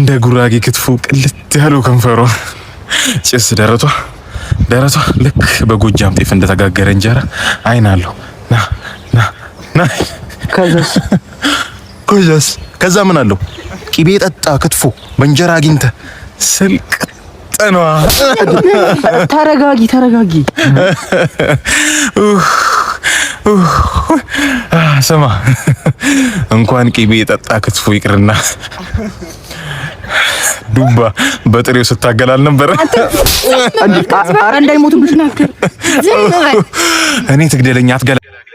እንደ ጉራጌ ክትፎ ቅልት ያለው ከንፈሯ፣ ጭስ ደረቷ ደረቷ ልክ በጎጃም ጤፍ እንደተጋገረ እንጀራ አይን አለው። ና ና ና። ከዛስ ከዛ ምን አለው? ቂቤ ጠጣ ክትፎ በእንጀራ አግኝተ ስልቅ ጠነዋ። ተረጋጊ ተረጋጊ። ስማ እንኳን ቂቤ ጠጣ ክትፎ ይቅርና ዱምባ በጥሬው ስታገላል ነበር። ኧረ እንዳይሞት ብሽ እኔ ትግደለኛ አትገላል